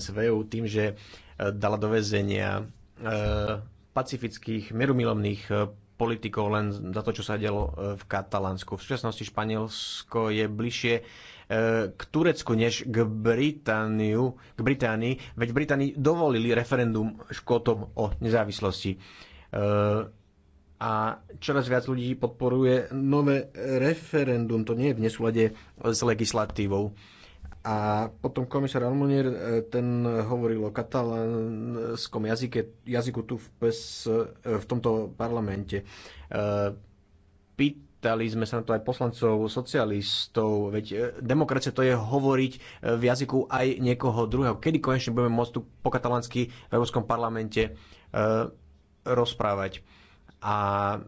z tým, že e, dala do väzenia e, pacifických, mierumilovných e, politikov len za to, čo sa dialo v Katalánsku. V súčasnosti Španielsko je bližšie k Turecku než k, Britániu, k Británii, veď Británii dovolili referendum Škótom o nezávislosti. A čoraz viac ľudí podporuje nové referendum. To nie je v nesúlade s legislatívou a potom komisár Almunier, e, ten hovoril o katalánskom jazyke, jazyku tu v, PES, e, v tomto parlamente. E, pýtali sme sa na to aj poslancov socialistov, veď demokracia to je hovoriť v jazyku aj niekoho druhého. Kedy konečne budeme môcť tu po katalánsky v Európskom parlamente rozprávať? A e,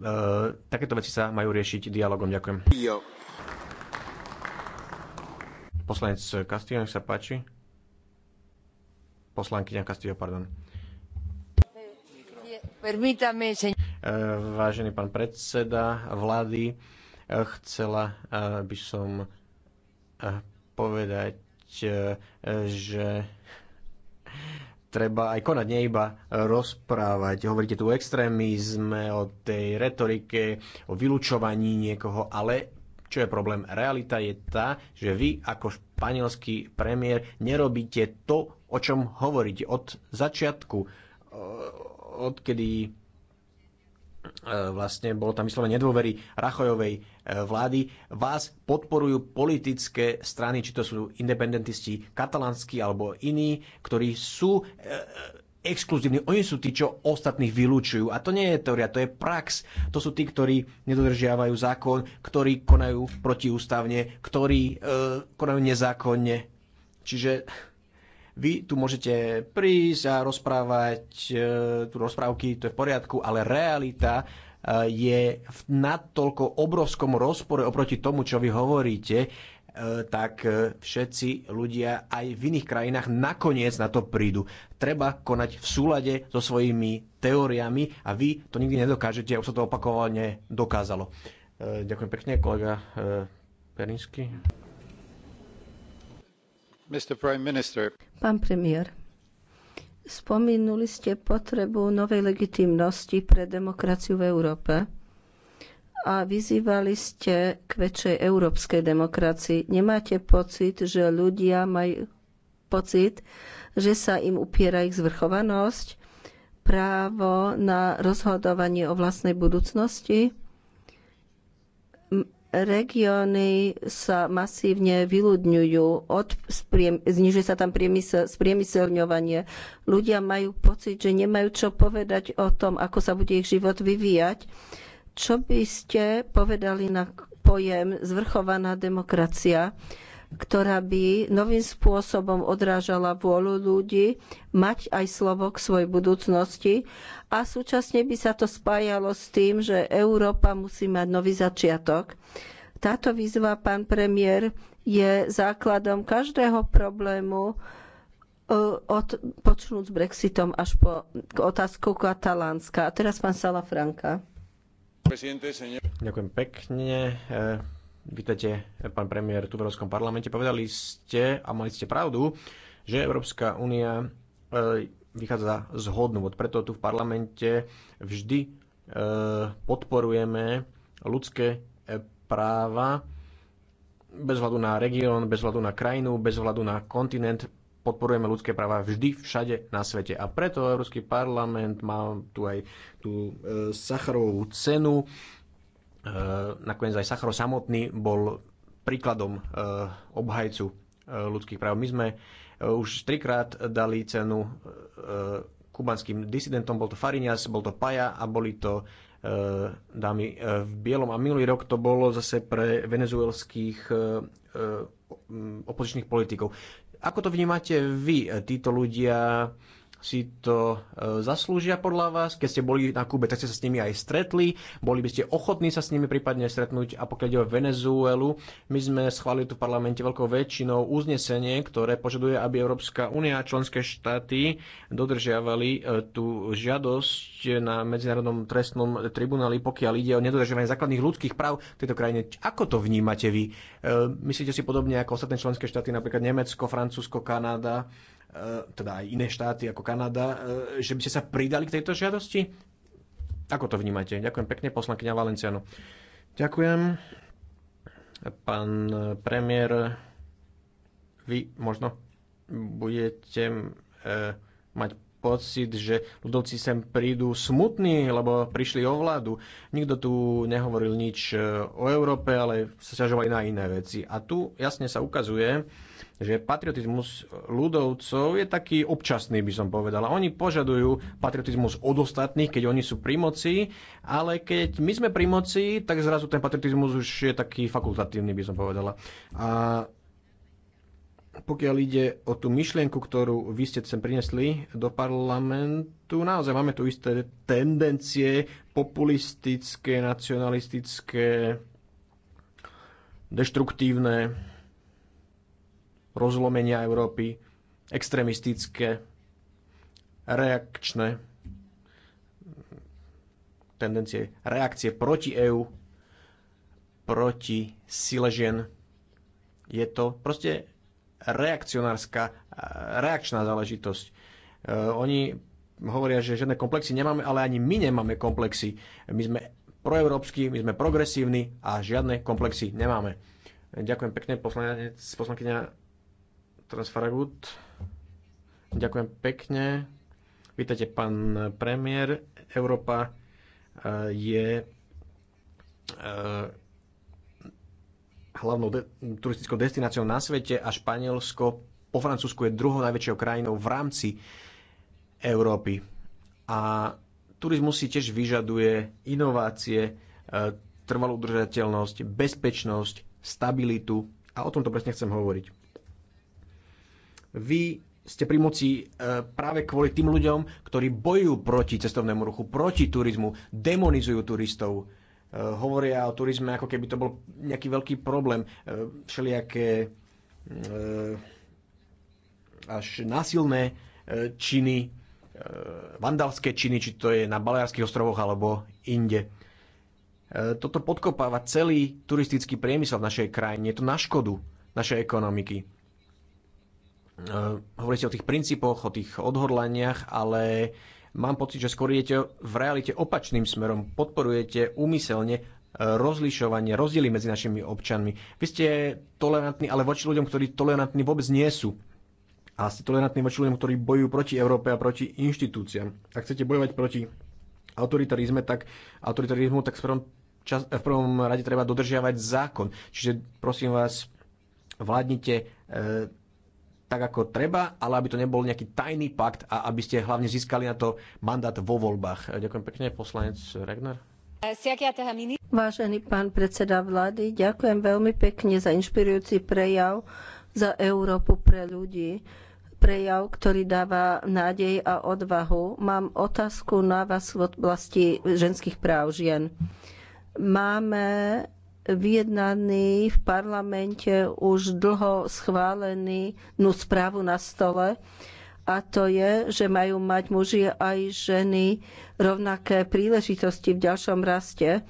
takéto veci sa majú riešiť dialogom. Ďakujem. Jo. Poslanec Castillo, nech sa páči. Poslankyňa Castillo, pardon. Eh, vážený pán predseda vlády, eh, chcela eh, by som povedať, že treba aj konať, nie iba rozprávať. Hovoríte tu o extrémizme, o tej retorike, o vylúčovaní niekoho, ale čo je problém? Realita je tá, že vy ako španielský premiér nerobíte to, o čom hovoríte od začiatku, e, odkedy e, vlastne bolo tam vyslovene nedôvery Rachojovej e, vlády. Vás podporujú politické strany, či to sú independentisti katalánsky alebo iní, ktorí sú exkluzívni, oni sú tí, čo ostatných vylúčujú. A to nie je teória, to je prax. To sú tí, ktorí nedodržiavajú zákon, ktorí konajú protiústavne, ktorí e, konajú nezákonne. Čiže vy tu môžete prísť a rozprávať e, tu rozprávky, to je v poriadku, ale realita e, je v natoľko obrovskom rozpore oproti tomu, čo vy hovoríte, E, tak e, všetci ľudia aj v iných krajinách nakoniec na to prídu. Treba konať v súlade so svojimi teóriami a vy to nikdy nedokážete, už sa to opakovane dokázalo. E, ďakujem pekne, kolega Perinsky. Pán premiér, Spomínuli ste potrebu novej legitimnosti pre demokraciu v Európe a vyzývali ste k väčšej európskej demokracii. Nemáte pocit, že ľudia majú pocit, že sa im upiera ich zvrchovanosť, právo na rozhodovanie o vlastnej budúcnosti? Regióny sa masívne vyľudňujú, znižuje sa tam priemysel, spriemyselňovanie. Ľudia majú pocit, že nemajú čo povedať o tom, ako sa bude ich život vyvíjať čo by ste povedali na pojem zvrchovaná demokracia, ktorá by novým spôsobom odrážala vôľu ľudí mať aj slovo k svojej budúcnosti a súčasne by sa to spájalo s tým, že Európa musí mať nový začiatok. Táto výzva, pán premiér, je základom každého problému, e, od, počnúť s Brexitom až po otázku Katalánska. A teraz pán Sala Franka. Ďakujem pekne. E, Vítajte, pán premiér, tu v Európskom parlamente. Povedali ste, a mali ste pravdu, že Európska únia e, vychádza z hodnú. Preto tu v parlamente vždy e, podporujeme ľudské práva bez hľadu na región, bez hľadu na krajinu, bez hľadu na kontinent, podporujeme ľudské práva vždy, všade na svete. A preto Európsky parlament má tu aj tú e, Sacharovú cenu. E, nakoniec aj Sacharov samotný bol príkladom e, obhajcu e, ľudských práv. My sme e, už trikrát dali cenu e, kubanským disidentom, bol to Farinias, bol to Paja a boli to e, dámy e, v bielom. A minulý rok to bolo zase pre venezuelských e, opozičných politikov. Ako to vnímate vy, títo ľudia si to e, zaslúžia podľa vás? Keď ste boli na Kube, tak ste sa s nimi aj stretli. Boli by ste ochotní sa s nimi prípadne stretnúť? A pokiaľ ide o Venezuelu, my sme schválili tu v parlamente veľkou väčšinou uznesenie, ktoré požaduje, aby Európska únia a členské štáty dodržiavali e, tú žiadosť na Medzinárodnom trestnom tribunáli, pokiaľ ide o nedodržiavanie základných ľudských práv v tejto krajine. Ako to vnímate vy? E, myslíte si podobne ako ostatné členské štáty, napríklad Nemecko, Francúzsko, Kanada? E, teda aj iné štáty ako Kanada, e, že by ste sa pridali k tejto žiadosti? Ako to vnímate? Ďakujem pekne, poslankyňa Valenciano. Ďakujem. Pán premiér, vy možno budete e, mať pocit, že ľudovci sem prídu smutní, lebo prišli o vládu. Nikto tu nehovoril nič e, o Európe, ale sa ťažovali na iné veci. A tu jasne sa ukazuje, že patriotizmus ľudovcov je taký občasný, by som povedala. Oni požadujú patriotizmus od ostatných, keď oni sú pri moci, ale keď my sme pri moci, tak zrazu ten patriotizmus už je taký fakultatívny, by som povedala. A pokiaľ ide o tú myšlienku, ktorú vy ste sem prinesli do parlamentu, naozaj máme tu isté tendencie populistické, nacionalistické, deštruktívne, rozlomenia Európy, extrémistické, reakčné tendencie, reakcie proti EÚ, proti sile žien. Je to proste reakcionárska, eh, reakčná záležitosť. Eh, oni hovoria, že žiadne komplexy nemáme, ale ani my nemáme komplexy. My sme proeurópsky, my sme progresívni a žiadne komplexy nemáme. Ďakujem pekne, poslanec, poslankyňa Transfaragut. Ďakujem pekne. Vítajte, pán premiér. Európa eh, je hlavnou de- turistickou destináciou na svete a Španielsko po Francúzsku je druhou najväčšou krajinou v rámci Európy. A turizmus si tiež vyžaduje inovácie, e, trvalú udržateľnosť, bezpečnosť, stabilitu a o tomto presne chcem hovoriť. Vy ste pri moci e, práve kvôli tým ľuďom, ktorí bojujú proti cestovnému ruchu, proti turizmu, demonizujú turistov, Eh, hovoria o turizme, ako keby to bol nejaký veľký problém. Eh, všelijaké eh, až násilné činy, vandalské činy, či to je na Balearských ostrovoch alebo inde. Toto podkopáva celý turistický priemysel v našej krajine. Je to na škodu našej ekonomiky. Hovoríte o tých princípoch, o tých odhodlaniach, ale Mám pocit, že skôr idete v realite opačným smerom. Podporujete úmyselne e, rozlišovanie, rozdiely medzi našimi občanmi. Vy ste tolerantní, ale voči ľuďom, ktorí tolerantní vôbec nie sú. A ste tolerantní voči ľuďom, ktorí bojujú proti Európe a proti inštitúciám. Ak chcete bojovať proti autoritarizme, tak autoritarizmu, tak v prvom, čas, v prvom rade treba dodržiavať zákon. Čiže prosím vás, vládnite e, tak ako treba, ale aby to nebol nejaký tajný pakt a aby ste hlavne získali na to mandát vo voľbách. Ďakujem pekne, poslanec Regner. Vážený pán predseda vlády, ďakujem veľmi pekne za inšpirujúci prejav za Európu pre ľudí. Prejav, ktorý dáva nádej a odvahu. Mám otázku na vás v oblasti ženských práv žien. Máme vyjednaný v parlamente už dlho schválenú no správu na stole a to je, že majú mať muži aj ženy rovnaké príležitosti v ďalšom raste.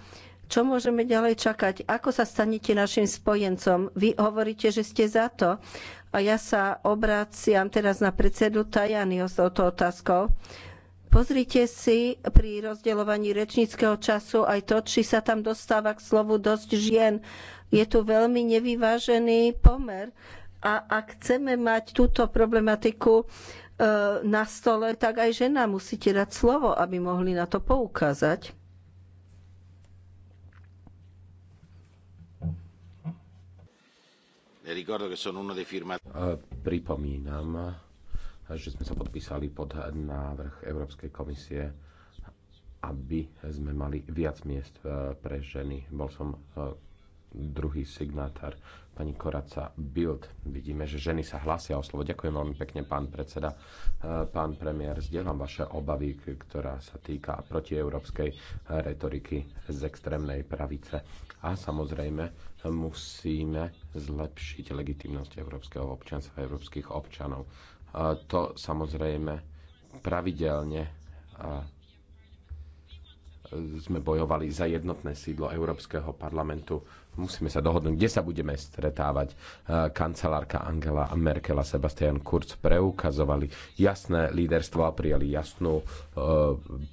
Čo môžeme ďalej čakať? Ako sa stanete našim spojencom? Vy hovoríte, že ste za to. A ja sa obraciam teraz na predsedu Tajaniho s touto otázkou. Pozrite si pri rozdeľovaní rečníckého času aj to, či sa tam dostáva k slovu dosť žien. Je tu veľmi nevyvážený pomer a ak chceme mať túto problematiku e, na stole, tak aj žena musíte dať slovo, aby mohli na to poukázať. Pripomínam, že sme sa podpísali pod návrh Európskej komisie, aby sme mali viac miest eh, pre ženy. Bol som eh, druhý signátár, pani Koraca Bild. Vidíme, že ženy sa hlasia o slovo. Ďakujem veľmi pekne, pán predseda. Eh, pán premiér, zdieľam vaše obavy, ktorá sa týka protieurópskej retoriky z extrémnej pravice. A samozrejme, musíme zlepšiť legitimnosť európskeho občanstva, európskych občanov to samozrejme pravidelne sme bojovali za jednotné sídlo Európskeho parlamentu. Musíme sa dohodnúť, kde sa budeme stretávať. Kancelárka Angela Merkel a Sebastian Kurz preukazovali jasné líderstvo a prijali jasnú e,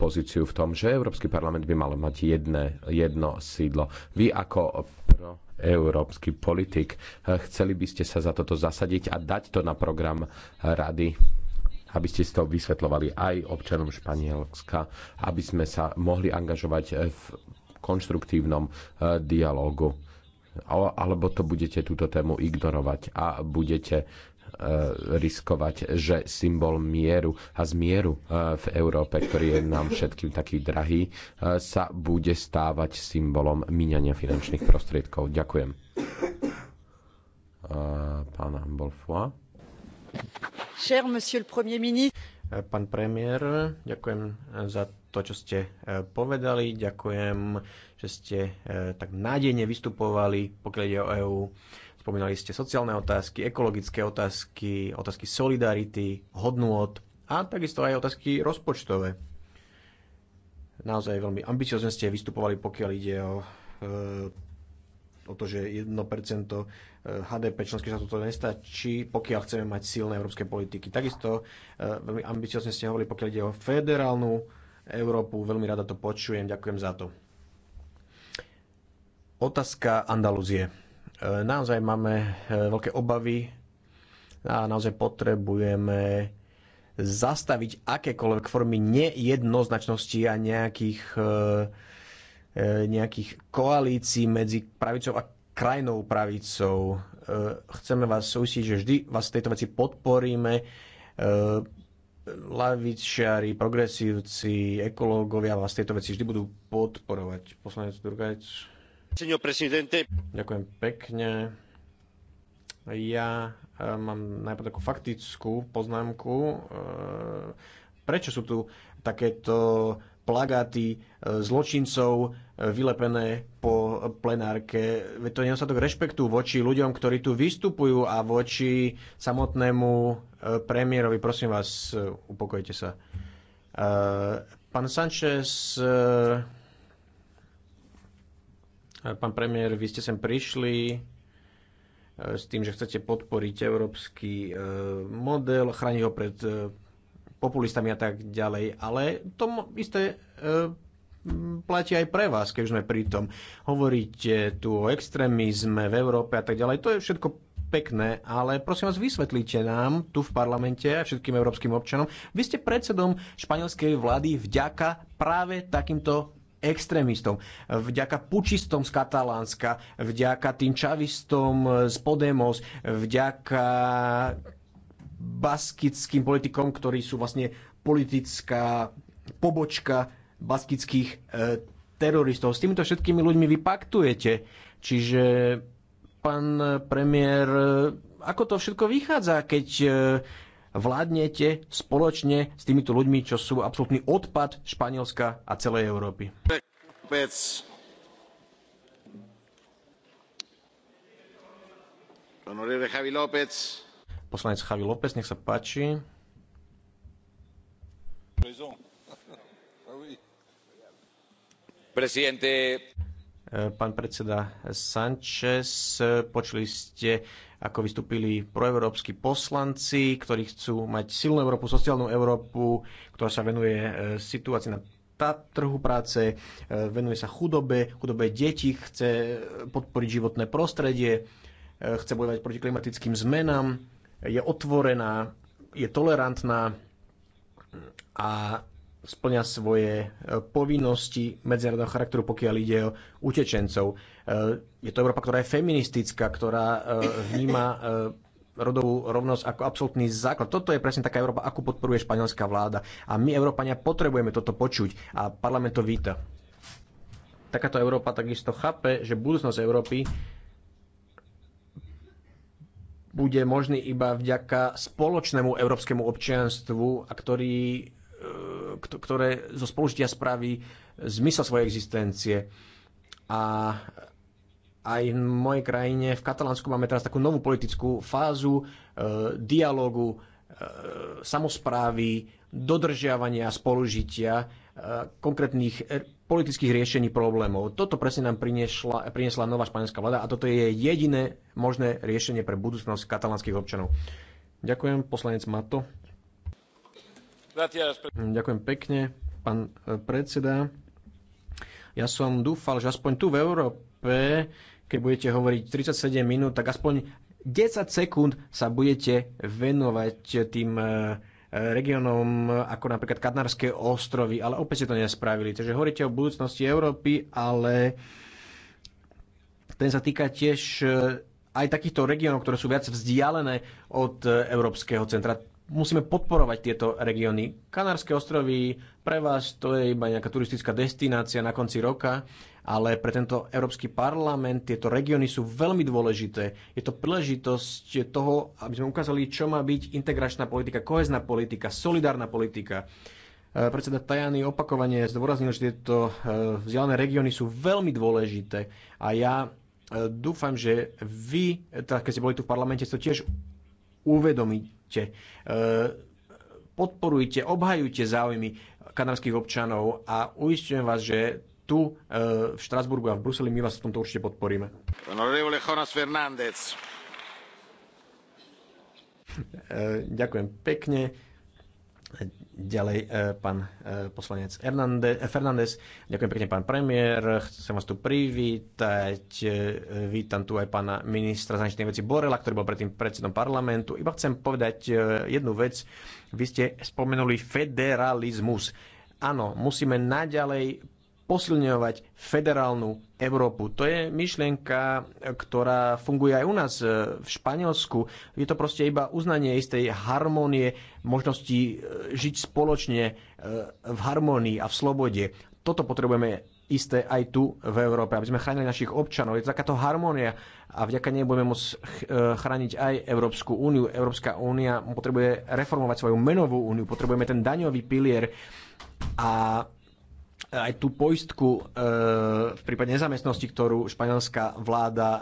pozíciu v tom, že Európsky parlament by mal mať jedné, jedno sídlo. Vy ako pro európsky politik. Chceli by ste sa za toto zasadiť a dať to na program rady aby ste si to vysvetlovali aj občanom Španielska, aby sme sa mohli angažovať v konštruktívnom e, dialogu. Alebo to budete túto tému ignorovať a budete Eh, riskovať, že symbol mieru a zmieru eh, v Európe, ktorý je nám všetkým taký drahý, eh, sa bude stávať symbolom míňania finančných prostriedkov. Ďakujem. Pán Bolfoy. Cher monsieur le premier ministre. Pán premiér, ďakujem za to, čo ste povedali. Ďakujem, že ste tak nádejne vystupovali, pokiaľ ide o EÚ Spomínali ste sociálne otázky, ekologické otázky, otázky solidarity, hodnôt a takisto aj otázky rozpočtové. Naozaj veľmi ambiciozne ste vystupovali, pokiaľ ide o, e, o to, že 1% e, HDP členských štátov to nestačí, pokiaľ chceme mať silné európske politiky. Takisto e, veľmi ambiciozne ste hovorili, pokiaľ ide o federálnu Európu. Veľmi rada to počujem, ďakujem za to. Otázka Andalúzie. E, naozaj máme e, veľké obavy a naozaj potrebujeme zastaviť akékoľvek formy nejednoznačnosti a nejakých, e, nejakých koalícií medzi pravicou a krajnou pravicou. Chceme vás usiť, že vždy vás v tejto veci podporíme. Lavičiari, progresívci, ekológovia vás v tejto veci vždy budú podporovať. Poslanec Durgajč. Ďakujem pekne. Ja e, mám najprv takú faktickú poznámku. E, prečo sú tu takéto plagáty e, zločincov vylepené po plenárke. Veď to je nedostatok rešpektu voči ľuďom, ktorí tu vystupujú a voči samotnému premiérovi. Prosím vás, upokojte sa. Pán Sanchez Pán premiér, vy ste sem prišli e, s tým, že chcete podporiť európsky e, model, chrániť ho pred e, populistami a tak ďalej, ale to isté platí aj pre vás, keď už sme pri tom. Hovoríte tu o extrémizme v Európe a tak ďalej. To je všetko pekné, ale prosím vás, vysvetlíte nám tu v parlamente a všetkým európskym občanom. Vy ste predsedom španielskej vlády vďaka práve takýmto extrémistom, vďaka pučistom z Katalánska, vďaka tým čavistom z Podemos, vďaka baskickým politikom, ktorí sú vlastne politická pobočka baskických e, teroristov. S týmito všetkými ľuďmi vy paktujete. Čiže, pán premiér, e, ako to všetko vychádza, keď e, vládnete spoločne s týmito ľuďmi, čo sú absolútny odpad Španielska a celej Európy. Vec. Javi López. Poslanec Javi López, nech sa páči. Prezident pán predseda Sanchez. Počuli ste, ako vystúpili proeurópsky poslanci, ktorí chcú mať silnú Európu, sociálnu Európu, ktorá sa venuje e, situácii na trhu práce, e, venuje sa chudobe, chudobe detí, chce podporiť životné prostredie, e, chce bojovať proti klimatickým zmenám, je otvorená, je tolerantná a splňa svoje e, povinnosti medzinárodného charakteru, pokiaľ ide o utečencov. E, je to Európa, ktorá je feministická, ktorá e, vníma rodovú rovnosť ako absolútny základ. Toto je presne taká Európa, akú podporuje španielská vláda. A my, Európania, potrebujeme toto počuť a parlament to víta. Takáto Európa takisto chápe, že budúcnosť Európy bude možný iba vďaka spoločnému európskemu občianstvu, a ktorý E, ktoré zo spolužitia spraví zmysel svojej existencie. A aj v mojej krajine, v Katalánsku, máme teraz takú novú politickú fázu e, dialogu, e, samozprávy, dodržiavania spolužitia, e, konkrétnych e, politických riešení problémov. Toto presne nám priniesla, priniesla nová španielská vláda a toto je jediné možné riešenie pre budúcnosť katalánskych občanov. Ďakujem, poslanec Mato. Ďakujem pekne, pán e, predseda. Ja som dúfal, že aspoň tu v Európe, keď budete hovoriť 37 minút, tak aspoň 10 sekúnd sa budete venovať tým e, e, regiónom ako napríklad Kanárske ostrovy, ale opäť ste to nespravili. Takže hovoríte o budúcnosti Európy, ale ten sa týka tiež aj takýchto regiónov, ktoré sú viac vzdialené od Európskeho centra musíme podporovať tieto regióny. Kanárske ostrovy pre vás to je iba nejaká turistická destinácia na konci roka, ale pre tento Európsky parlament tieto regióny sú veľmi dôležité. Je to príležitosť toho, aby sme ukázali, čo má byť integračná politika, kohezná politika, solidárna politika. E, predseda Tajany opakovane zdôraznil, že tieto e, vzdialené regióny sú veľmi dôležité a ja e, dúfam, že vy, keď ste boli tu v parlamente, ste tiež uvedomiť, Podporujte, e, podporujte, obhajujte záujmy kanárských občanov a uistujem vás, že tu e, v Štrasburgu a v Bruseli my vás v tomto určite podporíme. E, ďakujem pekne. Ďalej e, pán e, poslanec e, Fernández. Ďakujem pekne, pán premiér. Chcem vás tu privítať. Vítam tu aj pána ministra zahraničných vecí Borela, ktorý bol predtým predsedom parlamentu. Iba chcem povedať jednu vec. Vy ste spomenuli federalizmus. Áno, musíme naďalej posilňovať federálnu Európu. To je myšlienka, ktorá funguje aj u nás e, v Španielsku. Je to proste iba uznanie istej harmónie, možnosti e, žiť spoločne e, v harmónii a v slobode. Toto potrebujeme isté aj tu v Európe, aby sme chránili našich občanov. Je to takáto harmónia a vďaka nej budeme môcť chrániť aj Európsku úniu. Európska únia potrebuje reformovať svoju menovú úniu, potrebujeme ten daňový pilier a aj tú poistku e, v prípade nezamestnosti, ktorú španielská vláda e,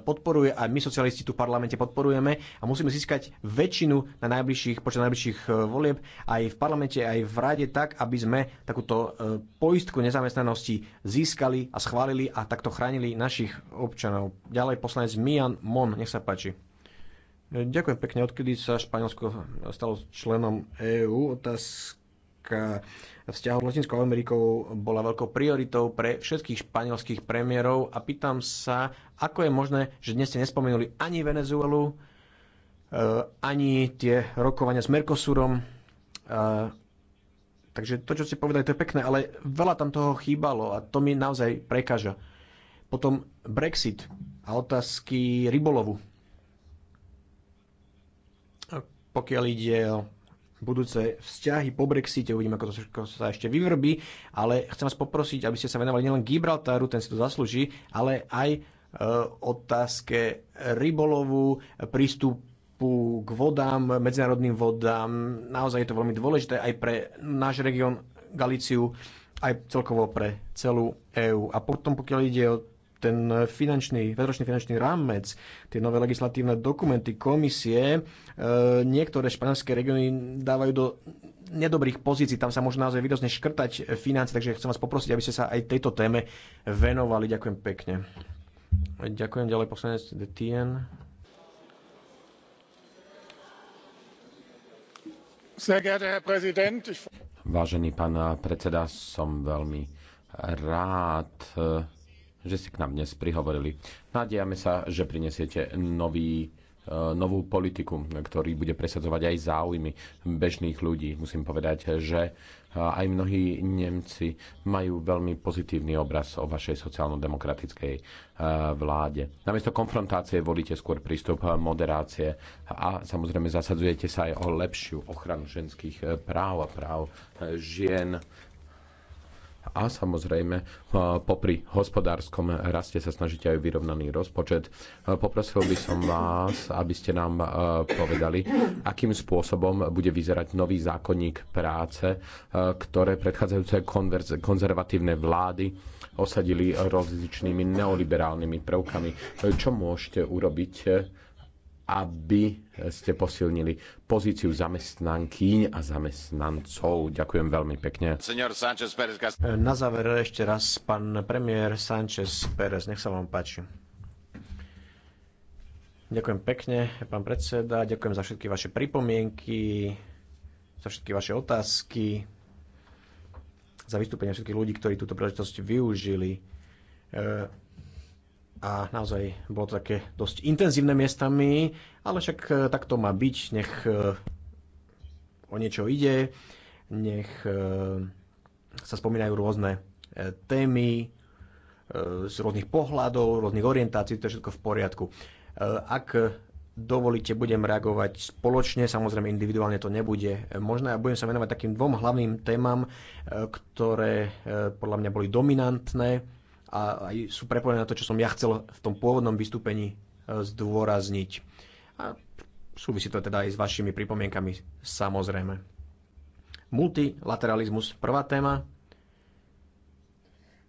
podporuje a my socialisti tu v parlamente podporujeme a musíme získať väčšinu na najbližších, počas najbližších e, volieb aj v parlamente, aj v rade tak, aby sme takúto poistku nezamestnanosti získali a schválili a takto chránili našich občanov. Ďalej poslanec Mian Mon, nech sa páči. Ďakujem pekne. Odkedy sa Španielsko stalo členom EÚ, otázka vzťahov s Latinskou Amerikou bola veľkou prioritou pre všetkých španielských premiérov a pýtam sa, ako je možné, že dnes ste nespomenuli ani Venezuelu, eh, ani tie rokovania s Mercosurom. Eh, takže to, čo ste povedali, to je pekné, ale veľa tam toho chýbalo a to mi naozaj prekáža. Potom Brexit a otázky rybolovu. Pokiaľ ide o budúce vzťahy po Brexite, uvidíme, ako to všetko sa ešte vyvrbí, ale chcem vás poprosiť, aby ste sa venovali nielen Gibraltaru, ten si to zaslúži, ale aj e, otázke rybolovu, prístup k vodám, medzinárodným vodám. Naozaj je to veľmi dôležité aj pre náš región Galíciu, aj celkovo pre celú EÚ. A potom, pokiaľ ide o ten finančný, vedročný finančný rámec, tie nové legislatívne dokumenty komisie, e, niektoré španielské regióny dávajú do nedobrých pozícií, tam sa môže naozaj výrazne škrtať financie, takže chcem vás poprosiť, aby ste sa aj tejto téme venovali. Ďakujem pekne. Ďakujem ďalej poslanec Detien. Vážený pán predseda, som veľmi rád, že ste k nám dnes prihovorili. Nadiame sa, že prinesiete nový e, novú politiku, ktorý bude presadzovať aj záujmy bežných ľudí. Musím povedať, že e, aj mnohí Nemci majú veľmi pozitívny obraz o vašej sociálno-demokratickej e, vláde. Namiesto konfrontácie volíte skôr prístup moderácie a samozrejme zasadzujete sa aj o lepšiu ochranu ženských práv a práv žien a samozrejme popri hospodárskom raste sa snažíte aj vyrovnaný rozpočet. Poprosil by som vás, aby ste nám povedali, akým spôsobom bude vyzerať nový zákonník práce, ktoré predchádzajúce konzervatívne vlády osadili rozličnými neoliberálnymi prvkami. Čo môžete urobiť aby ste posilnili pozíciu zamestnankyň a zamestnancov. Ďakujem veľmi pekne. Na záver ešte raz pán premiér Sánchez Pérez, nech sa vám páči. Ďakujem pekne, pán predseda, ďakujem za všetky vaše pripomienky, za všetky vaše otázky, za vystúpenie všetkých ľudí, ktorí túto príležitosť využili e, a naozaj bolo to také dosť intenzívne miestami, ale však e, tak to má byť, nech e, o niečo ide, nech e, sa spomínajú rôzne témy z rôznych pohľadov, rôznych orientácií, to je všetko v poriadku. Ak dovolíte, budem reagovať spoločne, samozrejme individuálne to nebude možné a budem sa venovať takým dvom hlavným témam, ktoré podľa mňa boli dominantné a aj sú prepojené na to, čo som ja chcel v tom pôvodnom vystúpení e, zdôrazniť. A súvisí to teda aj s vašimi pripomienkami, samozrejme. Multilateralizmus, prvá téma,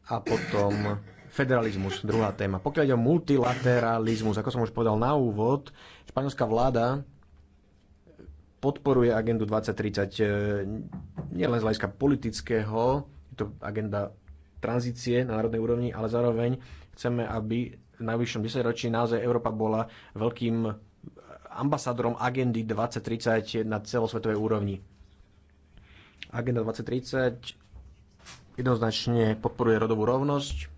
a potom federalizmus, druhá téma. Pokiaľ ide o multilateralizmus, ako som už povedal na úvod, španielská vláda podporuje agendu 2030 e, nielen z hľadiska politického, je to agenda tranzície na národnej úrovni, ale zároveň chceme, aby v najvyššom 10 ročí naozaj Európa bola veľkým ambasádorom agendy 2030 na celosvetovej úrovni. Agenda 2030 jednoznačne podporuje rodovú rovnosť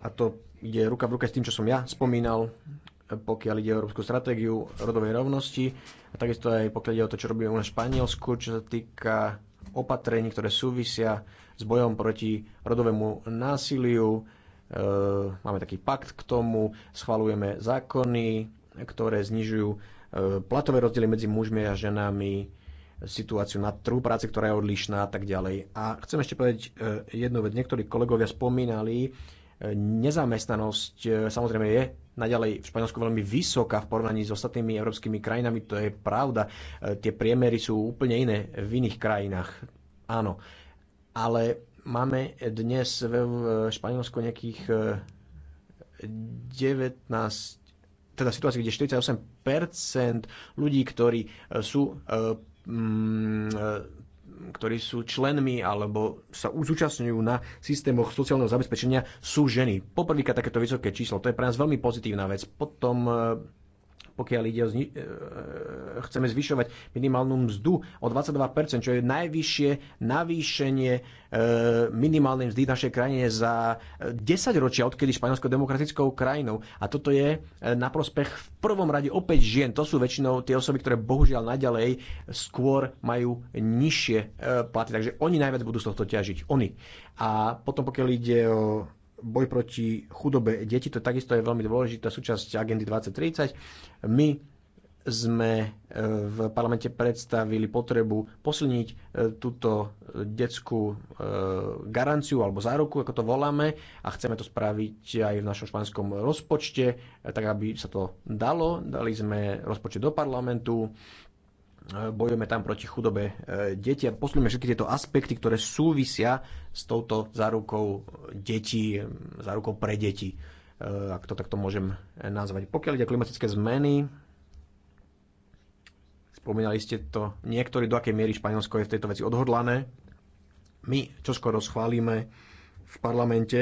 a to ide ruka v ruke s tým, čo som ja spomínal, pokiaľ ide o európsku stratégiu rodovej rovnosti a takisto aj pokiaľ ide o to, čo robíme u nás v Španielsku, čo sa týka opatrení, ktoré súvisia s bojom proti rodovému násiliu. E, máme taký pakt k tomu, schvalujeme zákony, ktoré znižujú e, platové rozdiely medzi mužmi a ženami, situáciu na trhu práce, ktorá je odlišná a tak ďalej. A chcem ešte povedať e, jednu vec. Niektorí kolegovia spomínali, nezamestnanosť samozrejme je naďalej v Španielsku veľmi vysoká v porovnaní s ostatnými európskymi krajinami, to je pravda. E, tie priemery sú úplne iné v iných krajinách, áno. Ale máme dnes v Španielsku nejakých 19 e, teda situácií, kde 48% ľudí, ktorí e, sú ktorí sú členmi alebo sa zúčastňujú na systémoch sociálneho zabezpečenia, sú ženy. Poprvýka takéto vysoké číslo. To je pre nás veľmi pozitívna vec. Potom e, pokiaľ ide o zni- e, e, chceme zvyšovať minimálnu mzdu o 22%, čo je najvyššie navýšenie e, minimálnej mzdy v našej krajine za 10 ročia, odkedy Španielsko demokratickou krajinou. A toto je na prospech v prvom rade opäť žien. To sú väčšinou tie osoby, ktoré bohužiaľ naďalej skôr majú nižšie platy. Takže oni najviac budú z tohto ťažiť. Oni. A potom pokiaľ ide o boj proti chudobe detí, to takisto je veľmi dôležitá súčasť agendy 2030. My sme e, v parlamente predstavili potrebu posilniť e, túto detskú e, garanciu alebo záruku, ako to voláme, a chceme to spraviť aj v našom španskom rozpočte, tak aby sa to dalo. Dali sme rozpočet do parlamentu, bojujeme tam proti chudobe e, detí a posúdime všetky tieto aspekty, ktoré súvisia s touto zárukou detí, e, zárukou pre deti, e, ak to takto môžem nazvať. Pokiaľ ide klimatické zmeny, spomínali ste to niektorí, do akej miery Španielsko je v tejto veci odhodlané. My čo skoro schválime v parlamente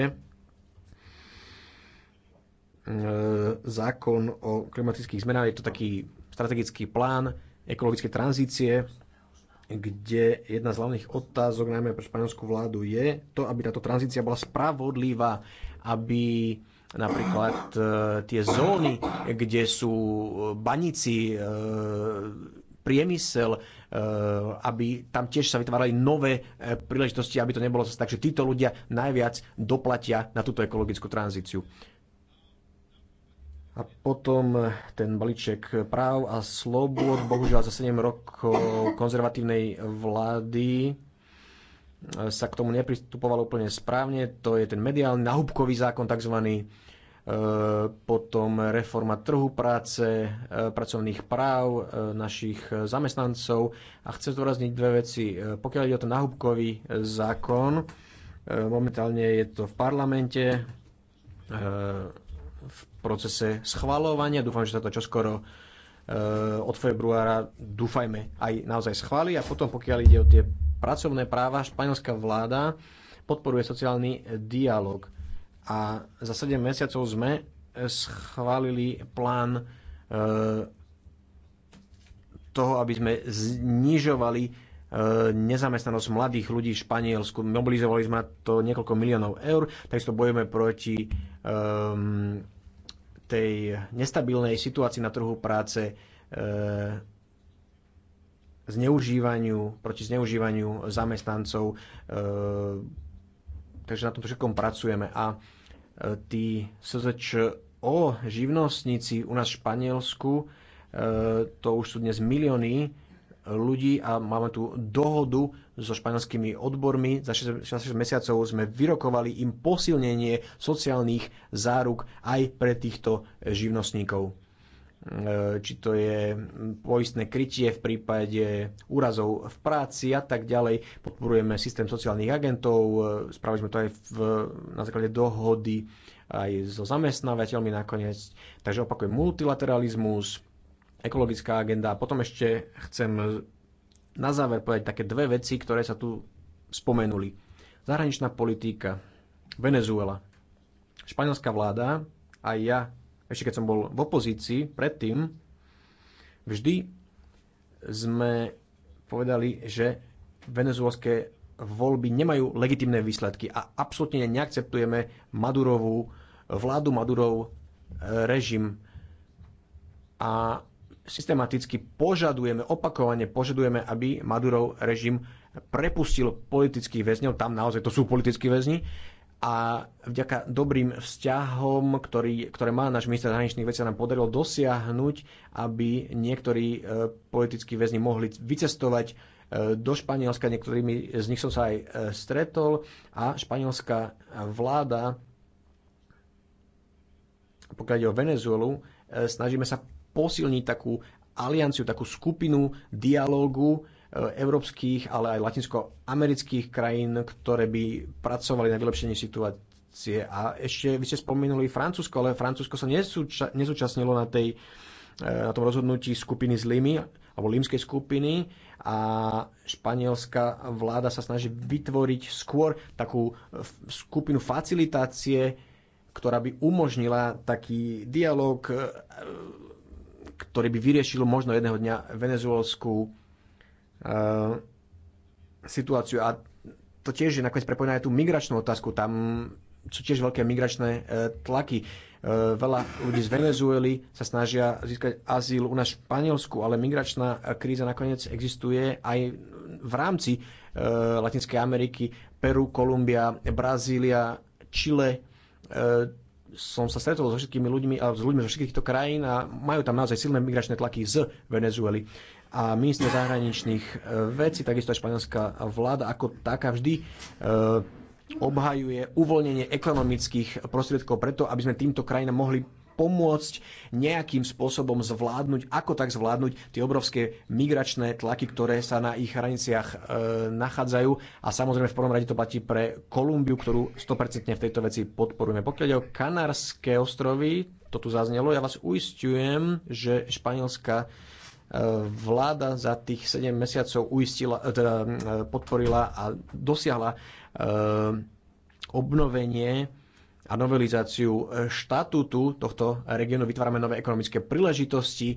zákon o klimatických zmenách. Je to taký strategický plán, Ekologické tranzície, kde jedna z hlavných otázok najmä pre španielskú vládu je to, aby táto tranzícia bola spravodlivá, aby napríklad e, tie zóny, kde sú banici, e, priemysel, e, aby tam tiež sa vytvárali nové príležitosti, aby to nebolo zase tak, že títo ľudia najviac doplatia na túto ekologickú tranzíciu. A potom ten balíček práv a slobod, bohužiaľ za 7 rokov konzervatívnej vlády e, sa k tomu nepristupovalo úplne správne. To je ten mediálny nahubkový zákon tzv. E, potom reforma trhu práce, e, pracovných práv našich zamestnancov. A chcem zdôrazniť dve veci. Pokiaľ ide o ten nahubkový zákon, momentálne je to v parlamente, v procese schvalovania. Dúfam, že sa to čoskoro e, od februára dúfajme aj naozaj schváli a potom pokiaľ ide o tie pracovné práva, španielská vláda podporuje sociálny dialog a za 7 mesiacov sme schválili plán e, toho, aby sme znižovali e, nezamestnanosť mladých ľudí v Španielsku. Mobilizovali sme to niekoľko miliónov eur, takisto bojujeme proti um, tej nestabilnej situácii na trhu práce, e, zneužívaniu, proti zneužívaniu zamestnancov. E, takže na tom všetkom pracujeme. A e, tí SZČO živnostníci u nás v Španielsku, to už sú dnes milióny ľudí a máme tu dohodu so španielskými odbormi. Za 6, 6 mesiacov sme vyrokovali im posilnenie sociálnych záruk aj pre týchto živnostníkov. E, či to je poistné krytie v prípade úrazov v práci a tak ďalej. Podporujeme systém sociálnych agentov, e, spravili sme to aj v, na základe dohody aj so zamestnávateľmi nakoniec. Takže opakujem multilateralizmus, ekologická agenda. Potom ešte chcem na záver povedať také dve veci, ktoré sa tu spomenuli. Zahraničná politika, Venezuela. Španielská vláda, aj ja, ešte keď som bol v opozícii predtým, vždy sme povedali, že venezuelské voľby nemajú legitimné výsledky a absolútne neakceptujeme Madurovú vládu, Madurov eh, režim. A systematicky požadujeme, opakovane požadujeme, aby Madurov režim prepustil politických väzňov, tam naozaj to sú politickí väzni, a vďaka dobrým vzťahom, ktorý, ktoré má náš minister zahraničných vecí, nám podarilo dosiahnuť, aby niektorí e, politickí väzni mohli vycestovať e, do Španielska, niektorými z nich som sa aj e, stretol a španielská vláda, pokiaľ ide o Venezuelu, snažíme sa posilniť takú alianciu, takú skupinu dialógu e, európskych, ale aj latinskoamerických krajín, ktoré by pracovali na vylepšení situácie. A ešte vy ste spomenuli Francúzsko, ale Francúzsko sa nesúča- nezúčastnilo na, tej, e, na tom rozhodnutí skupiny z Limy, alebo límskej skupiny a španielská vláda sa snaží vytvoriť skôr takú e, skupinu facilitácie, ktorá by umožnila taký dialog ktorý by vyriešil možno jedného dňa venezuelskú eh, situáciu. A to tiež je nakoniec prepojené aj tú migračnú otázku. Tam sú tiež veľké migračné eh, tlaky. Eh, veľa ľudí z Venezuely sa snažia získať azyl u nás v Španielsku, ale migračná kríza nakoniec existuje aj v rámci Latinskej Ameriky, Peru, Kolumbia, Brazília, Chile som sa stretol so všetkými ľuďmi a s ľuďmi zo všetkých týchto krajín a majú tam naozaj silné migračné tlaky z Venezuely. A minister zahraničných e, vecí, takisto aj španielská vláda ako taká vždy e, obhajuje uvoľnenie ekonomických prostriedkov preto, aby sme týmto krajinám mohli pomôcť nejakým spôsobom zvládnuť, ako tak zvládnuť tie obrovské migračné tlaky, ktoré sa na ich hraniciach e, nachádzajú. A samozrejme v prvom rade to platí pre Kolumbiu, ktorú 100% v tejto veci podporujeme. Pokiaľ ide o Kanárske ostrovy, to tu zaznelo, ja vás uistujem, že španielská e, vláda za tých 7 mesiacov uistila, e, teda e, podporila a dosiahla obnovenie a novelizáciu e, štatútu tohto regiónu. Vytvárame nové ekonomické príležitosti e,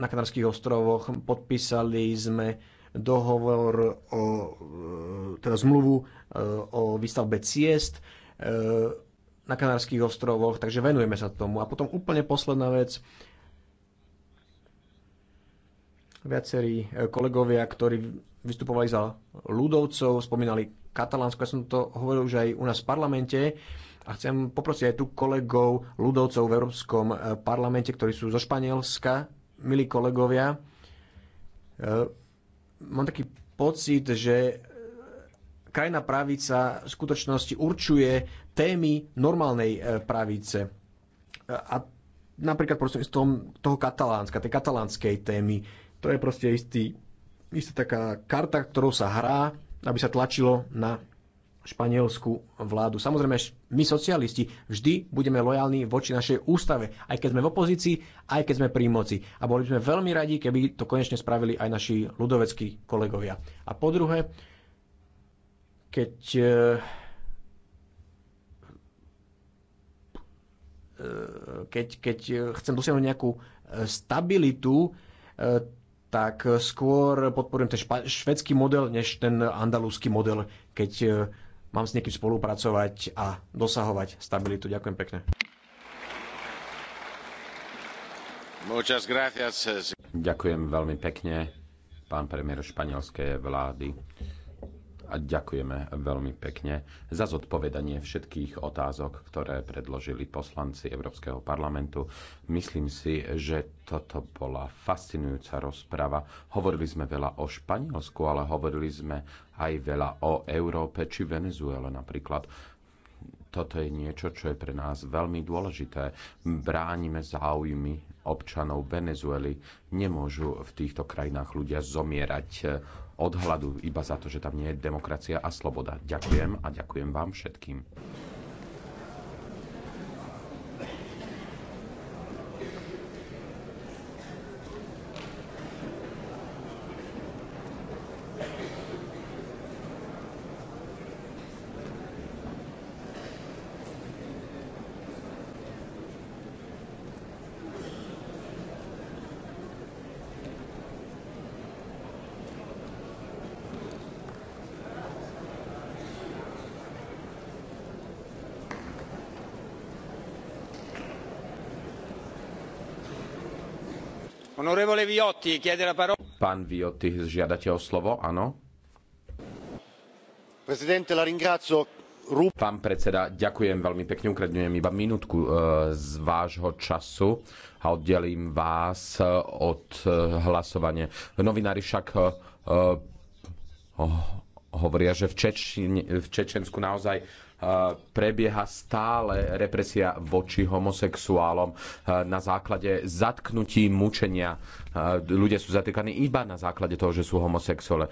na Kanárských ostrovoch. Podpísali sme dohovor o, e, teda zmluvu o výstavbe ciest na Kanárských ostrovoch, takže venujeme sa tomu. A potom úplne posledná vec, viacerí kolegovia, ktorí vystupovali za ľudovcov, spomínali Katalánsko, ja som to hovoril už aj u nás v parlamente, a chcem poprosiť aj tu kolegov, ľudovcov v Európskom e, parlamente, ktorí sú zo Španielska, milí kolegovia. E, mám taký pocit, že e, krajná pravica v skutočnosti určuje témy normálnej pravice. A napríklad proste z toho katalánska, tej katalánskej témy. To je proste istý, istá taká karta, ktorou sa hrá, aby sa tlačilo na španielskú vládu. Samozrejme, my socialisti vždy budeme lojálni voči našej ústave, aj keď sme v opozícii, aj keď sme pri moci. A boli by sme veľmi radi, keby to konečne spravili aj naši ľudoveckí kolegovia. A po druhé, keď e, e, keď, keď chcem dosiahnuť nejakú e, stabilitu, tak skôr podporujem ten švedský model, než ten andalúzsky model, keď mám s niekým spolupracovať a dosahovať stabilitu. Ďakujem pekne. Eh, Ďakujem veľmi pekne, pán premiér španielskej vlády a ďakujeme veľmi pekne za zodpovedanie všetkých otázok, ktoré predložili poslanci Európskeho parlamentu. Myslím si, že toto bola fascinujúca rozprava. Hovorili sme veľa o Španielsku, ale hovorili sme aj veľa o Európe či Venezuele napríklad toto je niečo, čo je pre nás veľmi dôležité. Bránime záujmy občanov Venezuely. Nemôžu v týchto krajinách ľudia zomierať od hladu iba za to, že tam nie je demokracia a sloboda. Ďakujem a ďakujem vám všetkým. Viotti, chiede la parola. Pán Viotti, žiadate o slovo, áno? la ringrazio. Pán predseda, ďakujem veľmi pekne, ukradňujem iba minútku eh, z vášho času a oddelím vás eh, od eh, hlasovania. Novinári však oh, hovoria, že v, Čečine, v Čečensku naozaj e, prebieha stále represia voči homosexuálom e, na základe zatknutí, mučenia. E, ľudia sú zatýkaní iba na základe toho, že sú homosexuále.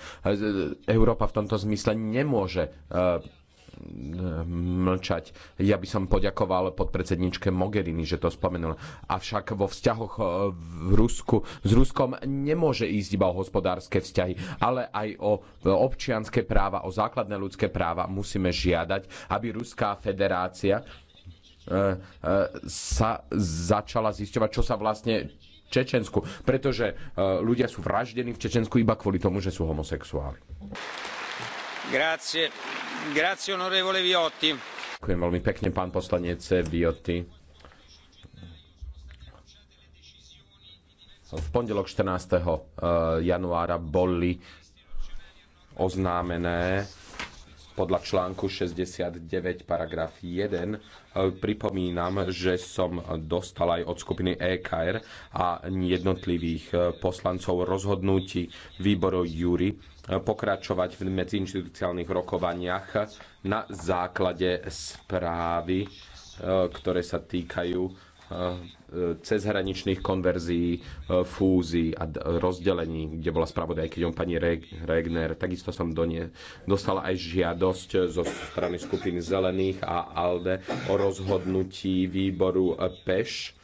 Európa v tomto zmysle nemôže mlčať. Ja by som poďakoval podpredsedničke Mogherini, že to spomenula. Avšak vo vzťahoch e, v Rusku, s Ruskom nemôže ísť iba o hospodárske vzťahy, ale aj o občianské práva, o základné ľudské práva musíme žiadať, aby Ruská federácia e, e, sa začala zisťovať, čo sa vlastne Čečensku, pretože ľudia sú vraždení v Čečensku iba kvôli tomu, že sú homosexuáli. Ďakujem veľmi pekne, pán poslanec Viotti. v pondelok 14. Eh, januára boli oznámené podľa článku 69 paragraf 1. Eh, pripomínam, že som dostal aj od skupiny EKR a jednotlivých eh, poslancov rozhodnutí výboru Júri pokračovať v medziinstitucionálnych rokovaniach na základe správy, e, ktoré sa týkajú e, cezhraničných konverzií, e, fúzií a rozdelení, kde bola spravodajkyňou pani Regner. Takisto som do nie dostala aj žiadosť zo strany skupiny Zelených a ALDE o rozhodnutí výboru PEŠ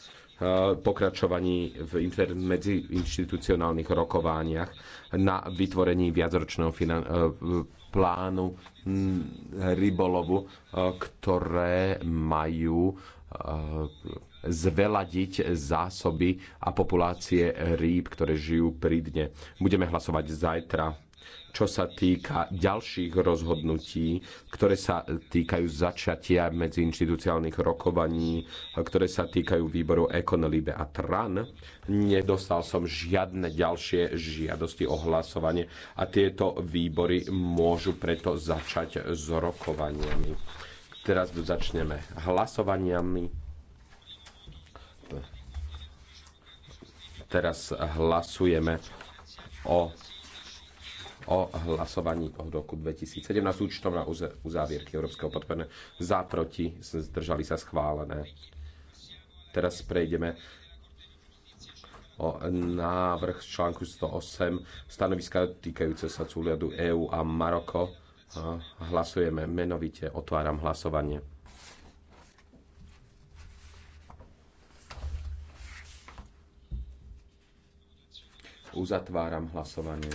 pokračovaní v medzi inštitucionálnych rokovaniach na vytvorení viacročného e, plánu rybolovu, e, ktoré majú e, zveladiť zásoby a populácie rýb, ktoré žijú pri dne. Budeme hlasovať zajtra čo sa týka ďalších rozhodnutí, ktoré sa týkajú začatia medzi inštitúciálnych rokovaní, ktoré sa týkajú výboru Ekonolibe a TRAN. Nedostal som žiadne ďalšie žiadosti o hlasovanie a tieto výbory môžu preto začať s rokovaniami. Teraz začneme hlasovaniami. teraz hlasujeme o, o hlasovaní od roku 2017 účtom na uzávierky Európskeho podporné za proti zdržali sa schválené. Teraz prejdeme o návrh z článku 108 stanoviska týkajúce sa súľadu EÚ a Maroko. Hlasujeme menovite, otváram hlasovanie. Uzatváram hlasovanie.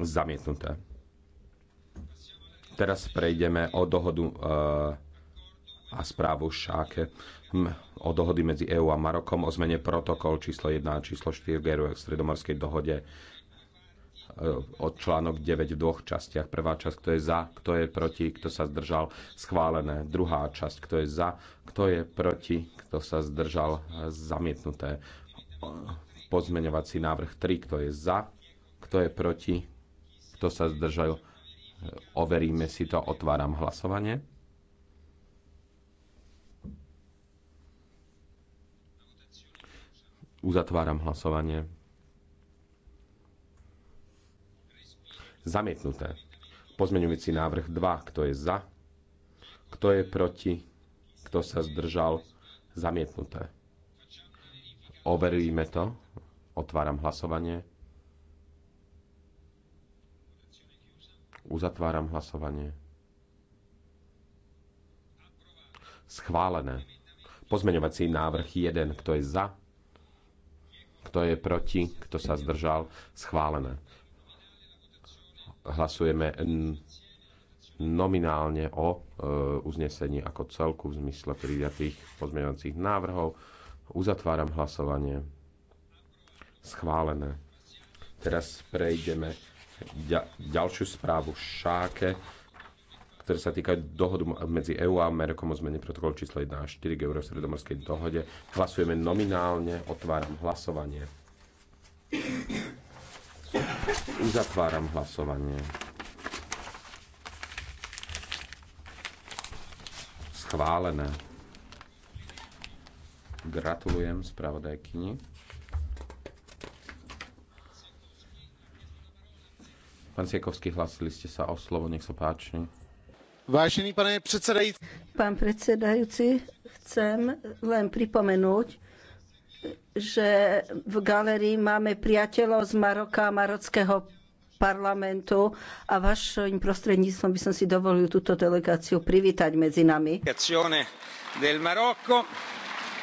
Zamietnuté. Teraz prejdeme o dohodu e, a správu šáke hm, o dohody medzi EÚ a Marokom o zmene protokol číslo 1 a číslo 4 v k stredomorskej dohode Eh, od článok 9 v dvoch častiach. Prvá časť, kto je za, kto je proti, kto sa zdržal, schválené. Druhá časť, kto je za, kto je proti, kto sa zdržal, zamietnuté. Pozmeňovací návrh 3, kto je za, kto je proti, kto sa zdržal, overíme si to, otváram hlasovanie. Uzatváram hlasovanie. Zamietnuté. Pozmeňujúci návrh 2. Kto je za? Kto je proti? Kto sa zdržal? Zamietnuté. Overíme to. Otváram hlasovanie. Uzatváram hlasovanie. Schválené. Pozmeňovací návrh 1. Kto je za? Kto je proti? Kto sa zdržal? Schválené hlasujeme nominálne o e, uznesení ako celku v zmysle prijatých pozmeňovacích návrhov. Uzatváram hlasovanie. Schválené. Teraz prejdeme ďalšiu správu Šáke, ktoré sa týka dohodu medzi EU a Amerikom o zmene protokolu číslo 1 a 4 k Eurosredomorskej dohode. Hlasujeme nominálne, otváram hlasovanie. Uzatváram hlasovanie. Schválené. Gratulujem spravodajkyni. Pán Siekovský, hlasili ste sa o slovo, nech sa páči. Vážený pane predsedajúci. Pán predsedajúci, chcem len pripomenúť, že v galerii máme priateľov z Maroka a marockého parlamentu a vašim prostredníctvom by som si dovolil túto delegáciu privítať medzi nami.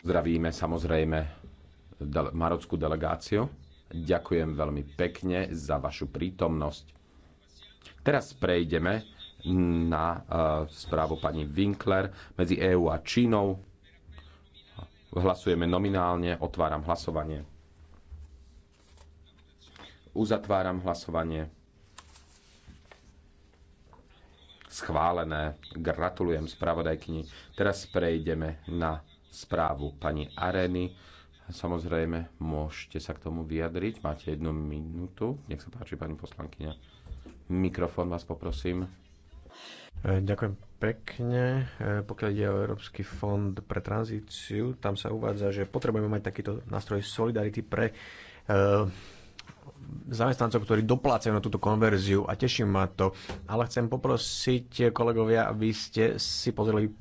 Zdravíme samozrejme marockú delegáciu. Ďakujem veľmi pekne za vašu prítomnosť. Teraz prejdeme na uh, správu pani Winkler medzi EÚ a Čínou. Hlasujeme nominálne, otváram hlasovanie. Uzatváram hlasovanie. Schválené. Gratulujem spravodajkyni. Teraz prejdeme na správu pani Areny. Samozrejme, môžete sa k tomu vyjadriť. Máte jednu minútu. Nech sa páči, pani poslankyňa. Mikrofón vás poprosím. E, ďakujem pekne. E, pokiaľ ide o Európsky fond pre tranzíciu, tam sa uvádza, že potrebujeme mať takýto nástroj solidarity pre e, zamestnancov, ktorí doplácajú na túto konverziu a teším ma to. Ale chcem poprosiť kolegovia, aby ste si pozreli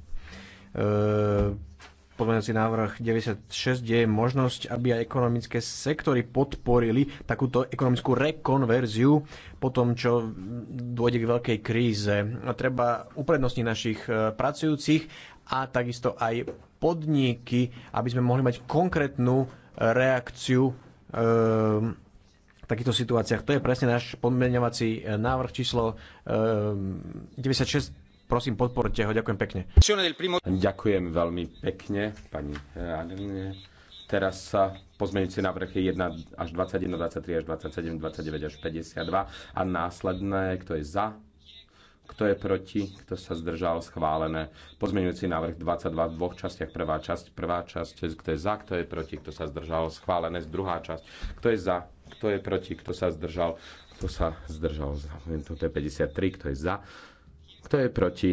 pozmeňujúci návrh 96, kde je možnosť, aby aj ekonomické sektory podporili takúto ekonomickú rekonverziu po tom, čo dôjde k veľkej kríze. A treba uprednostniť našich e, pracujúcich a takisto aj podniky, aby sme mohli mať konkrétnu e, reakciu e, v takýchto situáciách. To je presne náš podmenovací návrh číslo 96 Prosím, podporte ho. Ďakujem pekne. Ďakujem veľmi pekne, pani Adeline. Teraz sa pozmeňujúci návrh je 1 až 21, 23 až 27, 29 až 52 a následné, kto je za, kto je proti, kto sa zdržal, schválené. Pozmeňujúci návrh 22 v dvoch častiach. Prvá časť, prvá časť, kto je za, kto je proti, kto sa zdržal, schválené. Druhá časť, kto je za, kto je proti, kto sa zdržal, kto sa zdržal. Toto je 53, kto je za, kto je proti?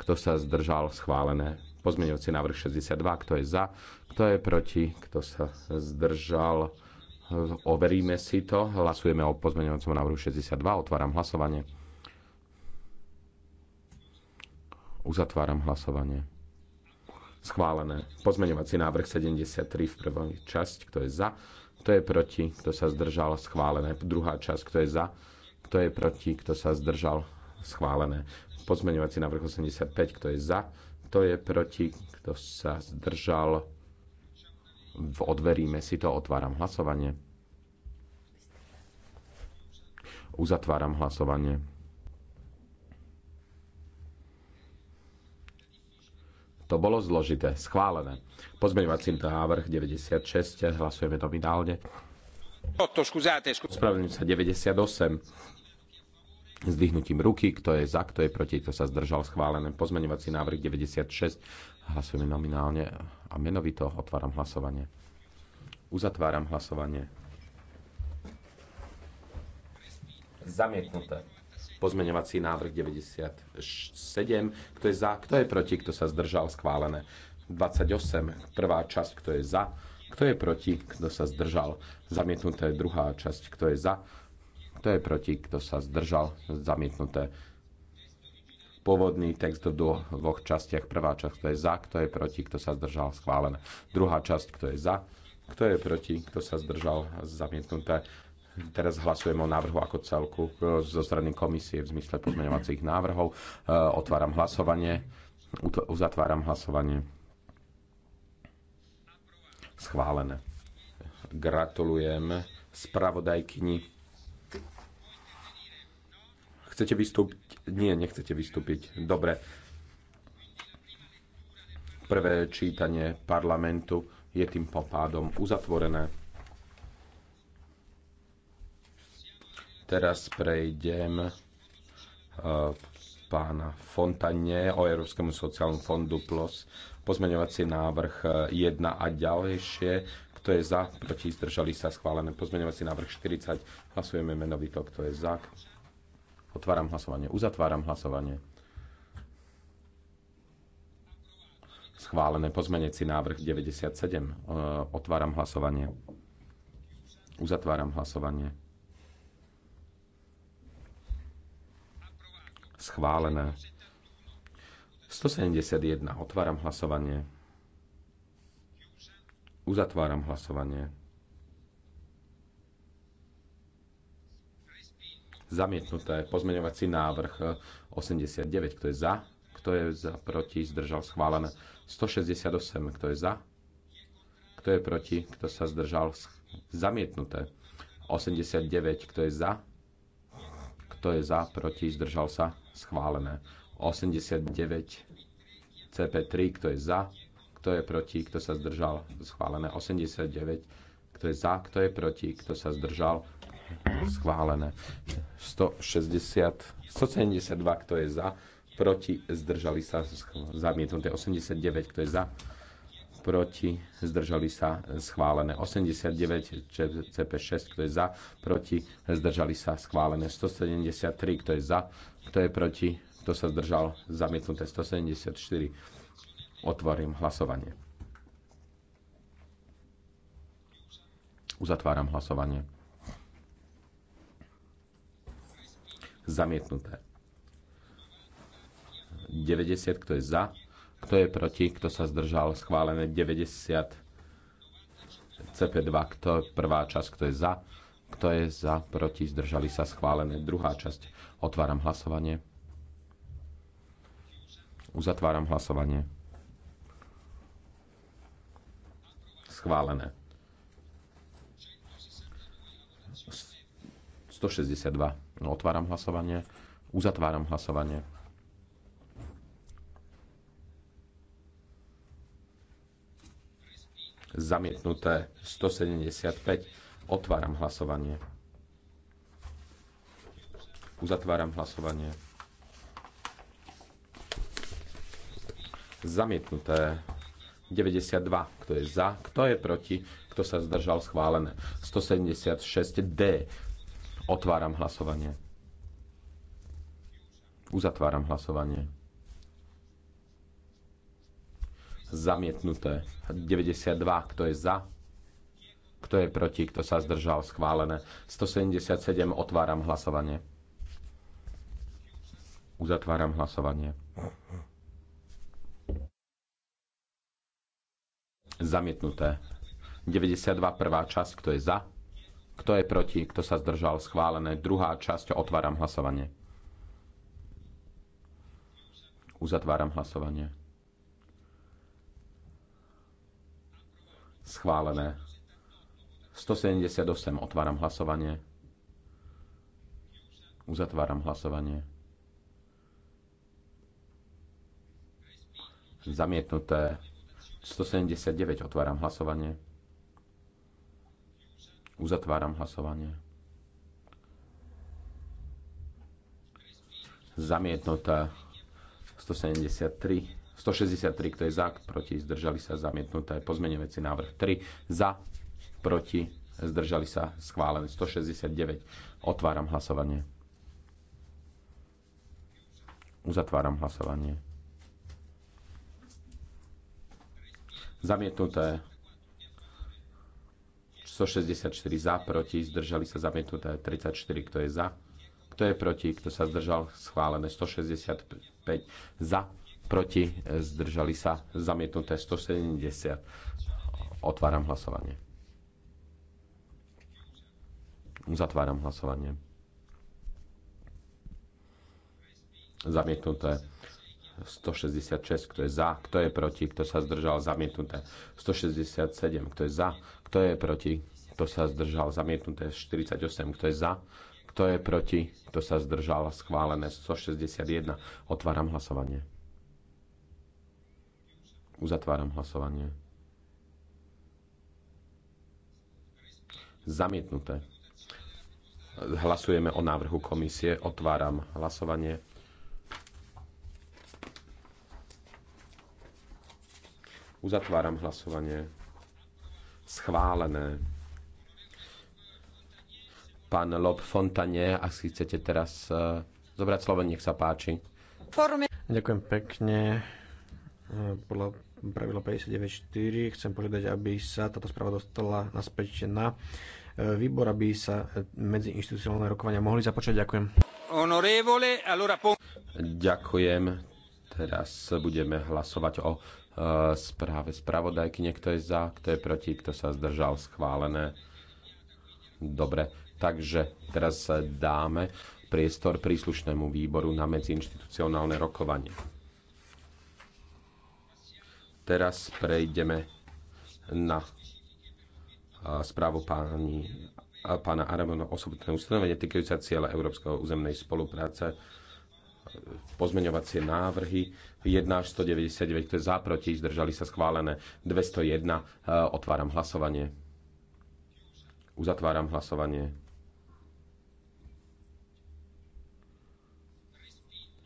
Kto sa zdržal? Schválené. Pozmeňujúci návrh 62. Kto je za? Kto je proti? Kto sa zdržal? Overíme si to. Hlasujeme o pozmeňujúcom návrhu 62. Otváram hlasovanie. Uzatváram hlasovanie. Schválené. Pozmeňovací návrh 73 v prvej časť. Kto je za? Kto je proti? Kto sa zdržal? Schválené. Druhá časť. Kto je za? Kto je proti? Kto sa zdržal? Schválené. Pozmeňovací návrh 85, kto je za, kto je proti, kto sa zdržal. Odveríme si to, otváram hlasovanie. Uzatváram hlasovanie. To bolo zložité, schválené. Pozmeňovací návrh 96, hlasujeme nominálne. Spravedlňujem sa 98 zdvihnutím ruky, kto je za, kto je proti, kto sa zdržal schválené. Pozmeňovací návrh 96. Hlasujeme nominálne a menovito. Otváram hlasovanie. Uzatváram hlasovanie. Zamietnuté. Pozmeňovací návrh 97. Kto je za, kto je proti, kto sa zdržal schválené. 28. Prvá časť, kto je za, kto je proti, kto sa zdržal. Zamietnuté druhá časť, kto je za, kto je proti? Kto sa zdržal? Zamietnuté. Pôvodný text v dvoch častiach. Prvá časť, kto je za, kto je proti, kto sa zdržal, schválené. Druhá časť, kto je za, kto je proti, kto sa zdržal, zamietnuté. Teraz hlasujeme o návrhu ako celku e, zo strany komisie v zmysle pozmeňovacích návrhov. E, otváram hlasovanie. Uzatváram hlasovanie. Schválené. Gratulujem spravodajkyni Chcete vystúpiť? Nie, nechcete vystúpiť. Dobre. Prvé čítanie parlamentu je tým popádom uzatvorené. Teraz prejdem e, pána Fontane o Európskemu sociálnom fondu plus pozmeňovací návrh 1 e, a ďalejšie. Kto je za, proti, zdržali sa schválené. Pozmeňovací návrh 40. Hlasujeme menovito, kto je za, Otváram hlasovanie. Uzatváram hlasovanie. Schválené pozmeneci návrh 97. E, otváram hlasovanie. Uzatváram hlasovanie. Schválené. 171. Otváram hlasovanie. Uzatváram hlasovanie. Zamietnuté. Pozmeňovací návrh 89. Kto je za? Kto je za? Proti? Zdržal? Schválené. 168. Kto je za? Kto je proti? Kto sa zdržal? Zamietnuté. 89. Kto je za? Kto je za? Proti? Zdržal sa? Schválené. 89. CP3. Kto je za? Kto je proti? Kto sa zdržal? Schválené. 89. Kto je za? Kto je proti? Kto sa zdržal? schválené. 160, 172, kto je za, proti, zdržali sa, zamietnuté. 89, kto je za, proti, zdržali sa, schválené. 89, CP6, kto je za, proti, zdržali sa, schválené. 173, kto je za, kto je proti, kto sa zdržal, zamietnuté. 174, otvorím hlasovanie. Uzatváram hlasovanie. Zamietnuté. 90, kto je za, kto je proti, kto sa zdržal, schválené 90 CP2, kto je prvá časť, kto je za, kto je za, proti, zdržali sa, schválené druhá časť. Otváram hlasovanie. Uzatváram hlasovanie. Schválené. 162. No, otváram hlasovanie. Uzatváram hlasovanie. Zamietnuté 175. Otváram hlasovanie. Uzatváram hlasovanie. Zamietnuté 92. Kto je za, kto je proti, kto sa zdržal schválené. 176D. Otváram hlasovanie. Uzatváram hlasovanie. Zamietnuté. 92. Kto je za? Kto je proti? Kto sa zdržal? Schválené. 177. Otváram hlasovanie. Uzatváram hlasovanie. Zamietnuté. 92. Prvá časť. Kto je za? Kto je proti? Kto sa zdržal? Schválené. Druhá časť. Otváram hlasovanie. Uzatváram hlasovanie. Schválené. 178. Otváram hlasovanie. Uzatváram hlasovanie. Zamietnuté. 179. Otváram hlasovanie. Uzatváram hlasovanie. Zamietnutá 173, 163, kto je za, proti, zdržali sa, zamietnuté. Pozmeňujúci návrh 3, za, proti, zdržali sa, schválené. 169, otváram hlasovanie. Uzatváram hlasovanie. Zamietnuté 164 za, proti, zdržali sa zamietnuté 34, kto je za, kto je proti, kto sa zdržal, schválené 165 za, proti, zdržali sa zamietnuté 170. Otváram hlasovanie. Uzatváram hlasovanie. Zamietnuté 166, kto je za, kto je proti, kto sa zdržal, zamietnuté. 167, kto je za, kto je proti, kto sa zdržal, zamietnuté. 48, kto je za, kto je proti, kto sa zdržal, schválené. 161, otváram hlasovanie. Uzatváram hlasovanie. Zamietnuté. Hlasujeme o návrhu komisie. Otváram hlasovanie. Uzatváram hlasovanie. Schválené. Pán Lob Fontane, ak si chcete teraz eh, zobrať slovo, nech sa páči. Ďakujem pekne. Eh, podľa pravidla 59.4 chcem požiadať, aby sa táto správa dostala naspäť na eh, výbor, aby sa medzi inštitucionálne rokovania mohli započať. Ďakujem. allora... Ďakujem. Teraz budeme hlasovať o Eh, správe spravodajky. Niekto je za, kto je proti, kto sa zdržal, schválené. Dobre, takže teraz dáme priestor príslušnému výboru na medziinstitucionálne rokovanie. Teraz prejdeme na eh, správu eh, pána Aramona osobitné ustanovenie týkajúce cieľa Európskeho územnej spolupráce pozmeňovacie návrhy 1 až 199, to je za, proti, zdržali sa schválené 201. E, otváram hlasovanie. Uzatváram hlasovanie.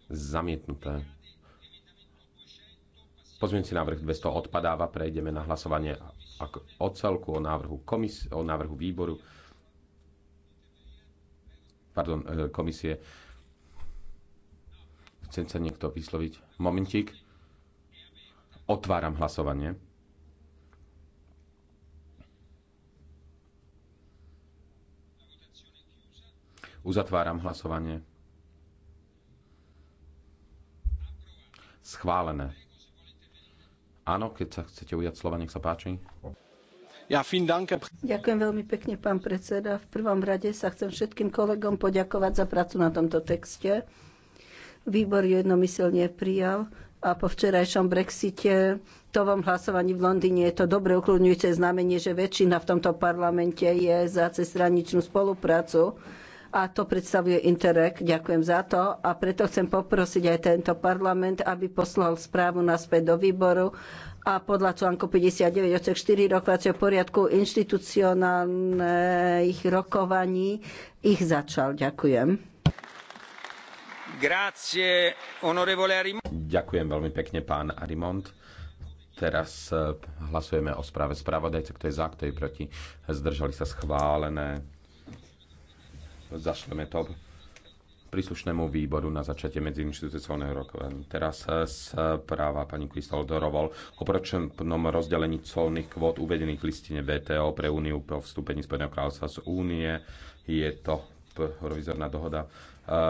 Zamietnuté. Pozmeňujúci návrh 200 odpadáva, prejdeme na hlasovanie o celku, o návrhu, komis- o návrhu výboru, pardon, e, komisie Chce sa niekto vysloviť? Momentík. Otváram hlasovanie. Uzatváram hlasovanie. Schválené. Áno, keď sa chcete ujať slova, nech sa páči. Ja, Ďakujem veľmi pekne, pán predseda. V prvom rade sa chcem všetkým kolegom poďakovať za prácu na tomto texte. Výbor jednomyselne prijal a po včerajšom Brexite, tovom hlasovaní v Londýne je to dobre ukludňujúce znamenie, že väčšina v tomto parlamente je za cestraničnú spoluprácu a to predstavuje Interreg. Ďakujem za to a preto chcem poprosiť aj tento parlament, aby poslal správu naspäť do výboru a podľa článku 59 odsek 4 rokovacieho poriadku inštitucionálnych rokovaní ich začal. Ďakujem. Ďakujem veľmi pekne, pán Arimont. Teraz eh, hlasujeme o správe spravodajce. kto je za, kto je proti. Zdržali sa schválené. Zašleme to príslušnému výboru na začiatie medziinstitucionálneho rokov. Teraz eh, správa pani Kristol Dorovol o pročnom rozdelení colných kvót uvedených v listine VTO pre Úniu po vstúpení Spojeného kráľovstva z Únie. Je to provizorná dohoda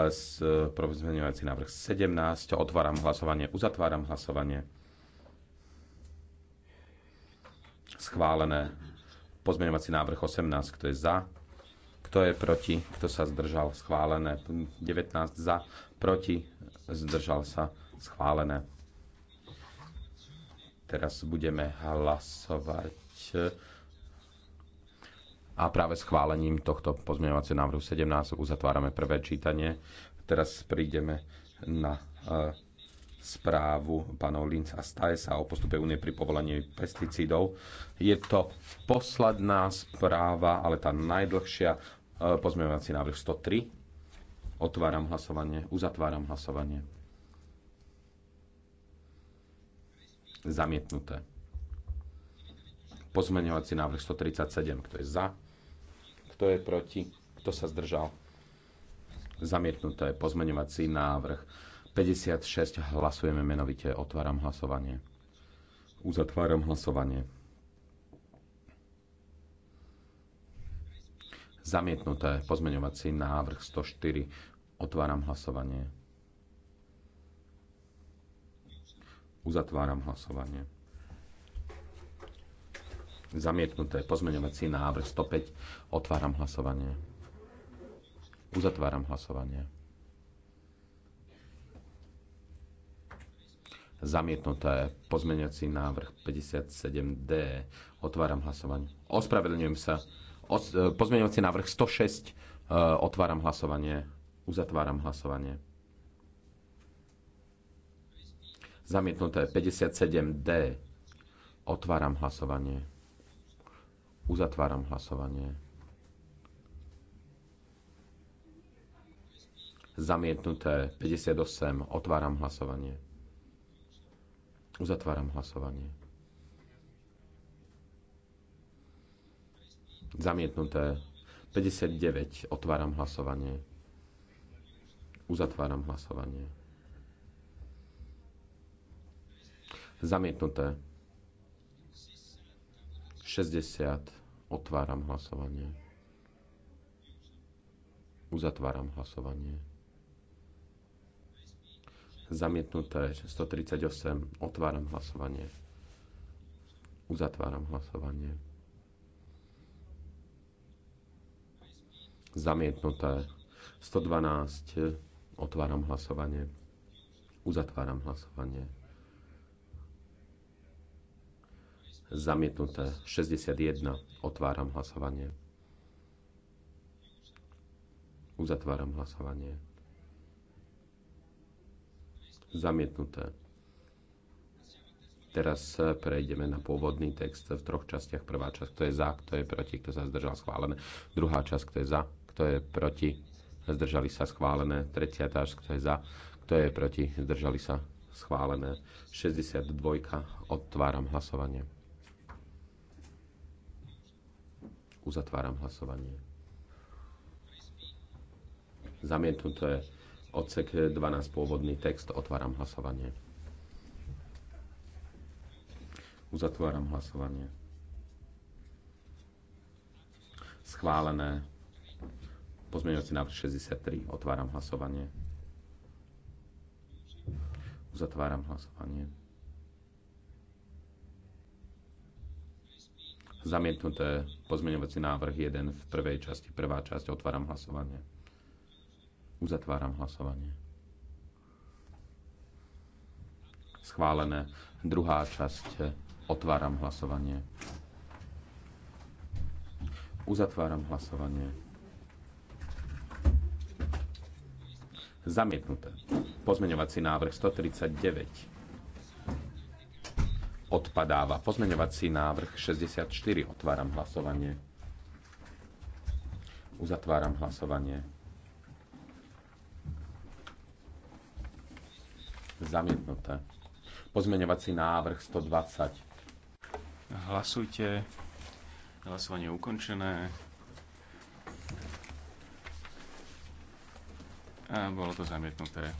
s e, pozmeňovací návrh 17. Otváram hlasovanie, uzatváram hlasovanie. Schválené. Pozmeňovací návrh 18. Kto je za? Kto je proti? Kto sa zdržal? Schválené. 19 za, proti, zdržal sa. Schválené. Teraz budeme hlasovať a práve schválením tohto pozmeňovacieho návrhu 17 uzatvárame prvé čítanie. Teraz prídeme na e, správu pánov Linz a Stajsa o postupe únie pri povolení pesticídov. Je to posledná správa, ale tá najdlhšia, e, pozmeňovací návrh 103. Otváram hlasovanie, uzatváram hlasovanie. Zamietnuté. Pozmeňovací návrh 137, kto je za, kto je proti? Kto sa zdržal? Zamietnuté pozmeňovací návrh 56. Hlasujeme menovite. Otváram hlasovanie. Uzatváram hlasovanie. Zamietnuté pozmeňovací návrh 104. Otváram hlasovanie. Uzatváram hlasovanie. Zamietnuté. Pozmeňovací návrh 105. Otváram hlasovanie. Uzatváram hlasovanie. Zamietnuté. Pozmeňovací návrh 57D. Otváram hlasovanie. Ospravedlňujem sa. E, pozmeňovací návrh 106. E, otváram hlasovanie. Uzatváram hlasovanie. Zamietnuté 57D. Otváram hlasovanie. Uzatváram hlasovanie. Zamietnuté 58. Otváram hlasovanie. Uzatváram hlasovanie. Zamietnuté 59. Otváram hlasovanie. Uzatváram hlasovanie. Zamietnuté 60 Otváram hlasovanie. Uzatváram hlasovanie. Zamietnuté 138. Otváram hlasovanie. Uzatváram hlasovanie. Zamietnuté 112. Otváram hlasovanie. Uzatváram hlasovanie. Zamietnuté. 61. Otváram hlasovanie. Uzatváram hlasovanie. Zamietnuté. Teraz e, prejdeme na pôvodný text v troch častiach. Prvá časť, kto je za, kto je proti, kto sa zdržal schválené. Druhá časť, kto je za, kto je proti, zdržali sa schválené. Tretia časť, kto je za, kto je proti, zdržali sa schválené. 62. Otváram hlasovanie. Uzatváram hlasovanie. Zamietnuté odsek 12 pôvodný text. Otváram hlasovanie. Uzatváram hlasovanie. Schválené. Pozmeňovací návrh 63. Otváram hlasovanie. Uzatváram hlasovanie. Zamietnuté pozmeňovací návrh 1 v prvej časti. Prvá časť. Otváram hlasovanie. Uzatváram hlasovanie. Schválené. Druhá časť. Otváram hlasovanie. Uzatváram hlasovanie. Zamietnuté. Pozmeňovací návrh 139 odpadáva. Pozmeňovací návrh 64. Otváram hlasovanie. Uzatváram hlasovanie. Zamietnuté. Pozmeňovací návrh 120. Hlasujte. Hlasovanie ukončené. A bolo to zamietnuté.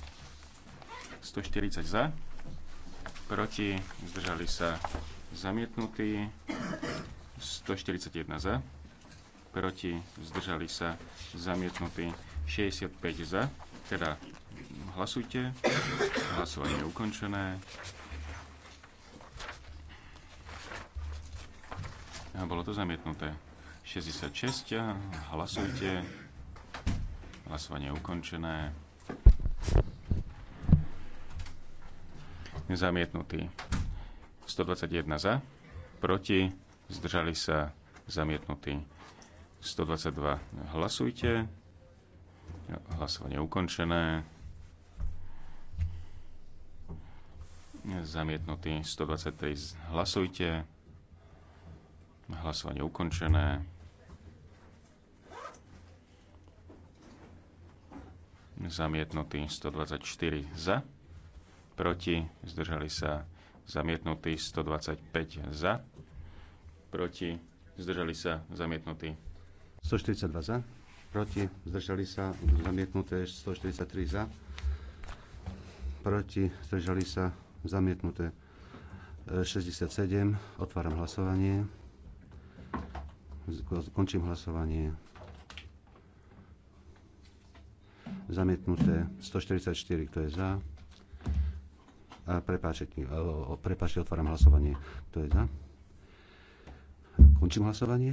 140 za proti, zdržali sa zamietnutí, 141 za, proti, zdržali sa zamietnutí, 65 za, teda hlasujte, hlasovanie je ukončené. A bolo to zamietnuté. 66, hlasujte, hlasovanie je ukončené. zamietnutý. 121 za, proti, zdržali sa, zamietnutý. 122 hlasujte. Hlasovanie ukončené. Zamietnutý 123 hlasujte. Hlasovanie ukončené. Zamietnutý 124 za proti, zdržali sa zamietnutí 125 za, proti, zdržali sa zamietnutí 142 za, proti, zdržali sa zamietnuté 143 za, proti, zdržali sa zamietnuté 67. E, otváram hlasovanie. Končím hlasovanie. Zamietnuté 144, kto je za, E, prepáčte, otváram hlasovanie. Kto je za? Končím hlasovanie.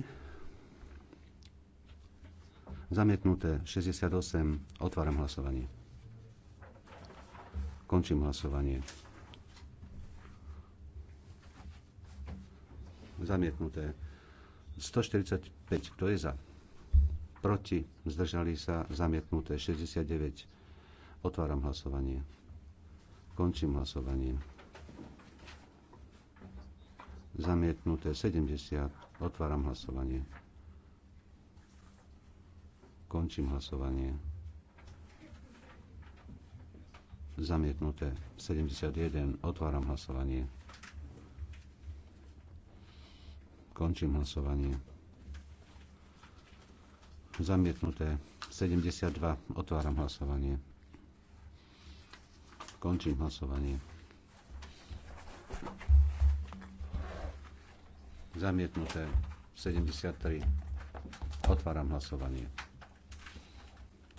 Zamietnuté 68. Otváram hlasovanie. Končím hlasovanie. Zamietnuté 145. Kto je za? Proti. Zdržali sa. Zamietnuté 69. Otváram hlasovanie. Končím hlasovanie. Zamietnuté 70. Otváram hlasovanie. Končím hlasovanie. Zamietnuté 71. Otváram hlasovanie. Končím hlasovanie. Zamietnuté 72. Otváram hlasovanie. Končím hlasovanie. Zamietnuté 73. Otváram hlasovanie.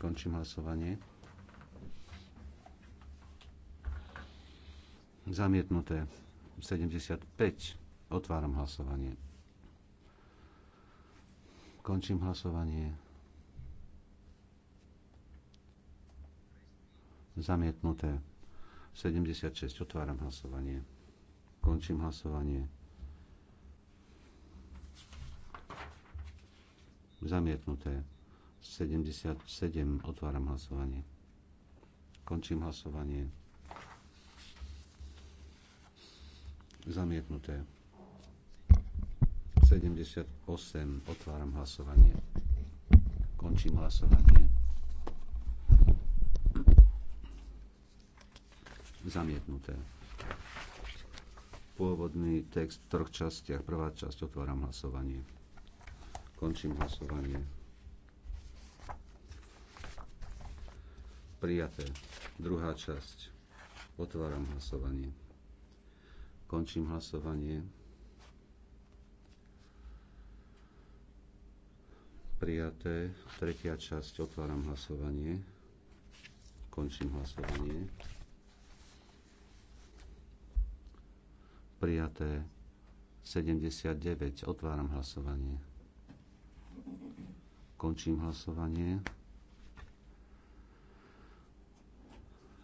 Končím hlasovanie. Zamietnuté 75. Otváram hlasovanie. Končím hlasovanie. Zamietnuté 76. Otváram hlasovanie. Končím hlasovanie. Zamietnuté. 77. Otváram hlasovanie. Končím hlasovanie. Zamietnuté. 78. Otváram hlasovanie. Končím hlasovanie. zamietnuté. Pôvodný text v troch častiach. Prvá časť, otváram hlasovanie. Končím hlasovanie. Prijaté. Druhá časť. Otváram hlasovanie. Končím hlasovanie. Prijaté. Tretia časť. Otváram hlasovanie. Končím hlasovanie. prijaté 79. Otváram hlasovanie. Končím hlasovanie.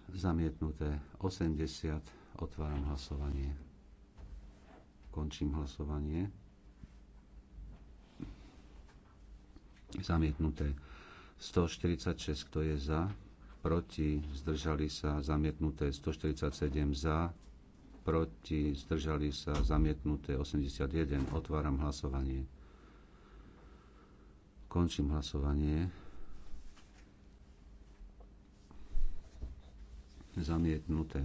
Zamietnuté 80. Otváram hlasovanie. Končím hlasovanie. Zamietnuté 146. Kto je za? Proti? Zdržali sa? Zamietnuté 147 za proti, zdržali sa zamietnuté 81. Otváram hlasovanie. Končím hlasovanie. Zamietnuté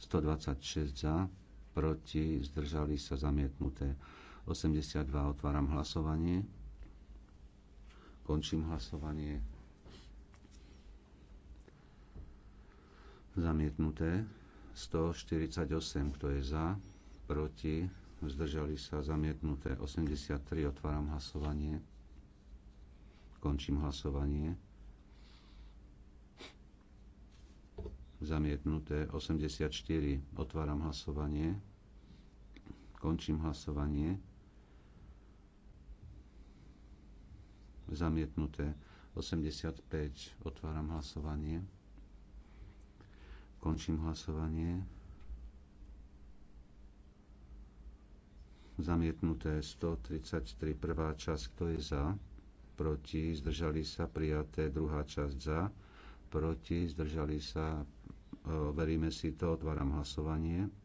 126 za, proti, zdržali sa zamietnuté 82. Otváram hlasovanie. Končím hlasovanie. Zamietnuté 148, kto je za, proti, zdržali sa zamietnuté 83, otváram hlasovanie, končím hlasovanie, zamietnuté 84, otváram hlasovanie, končím hlasovanie, zamietnuté 85, otváram hlasovanie, Končím hlasovanie. Zamietnuté 133. Prvá časť. Kto je za? Proti. Zdržali sa. Prijaté. Druhá časť. Za. Proti. Zdržali sa. E, Veríme si to. Otváram hlasovanie.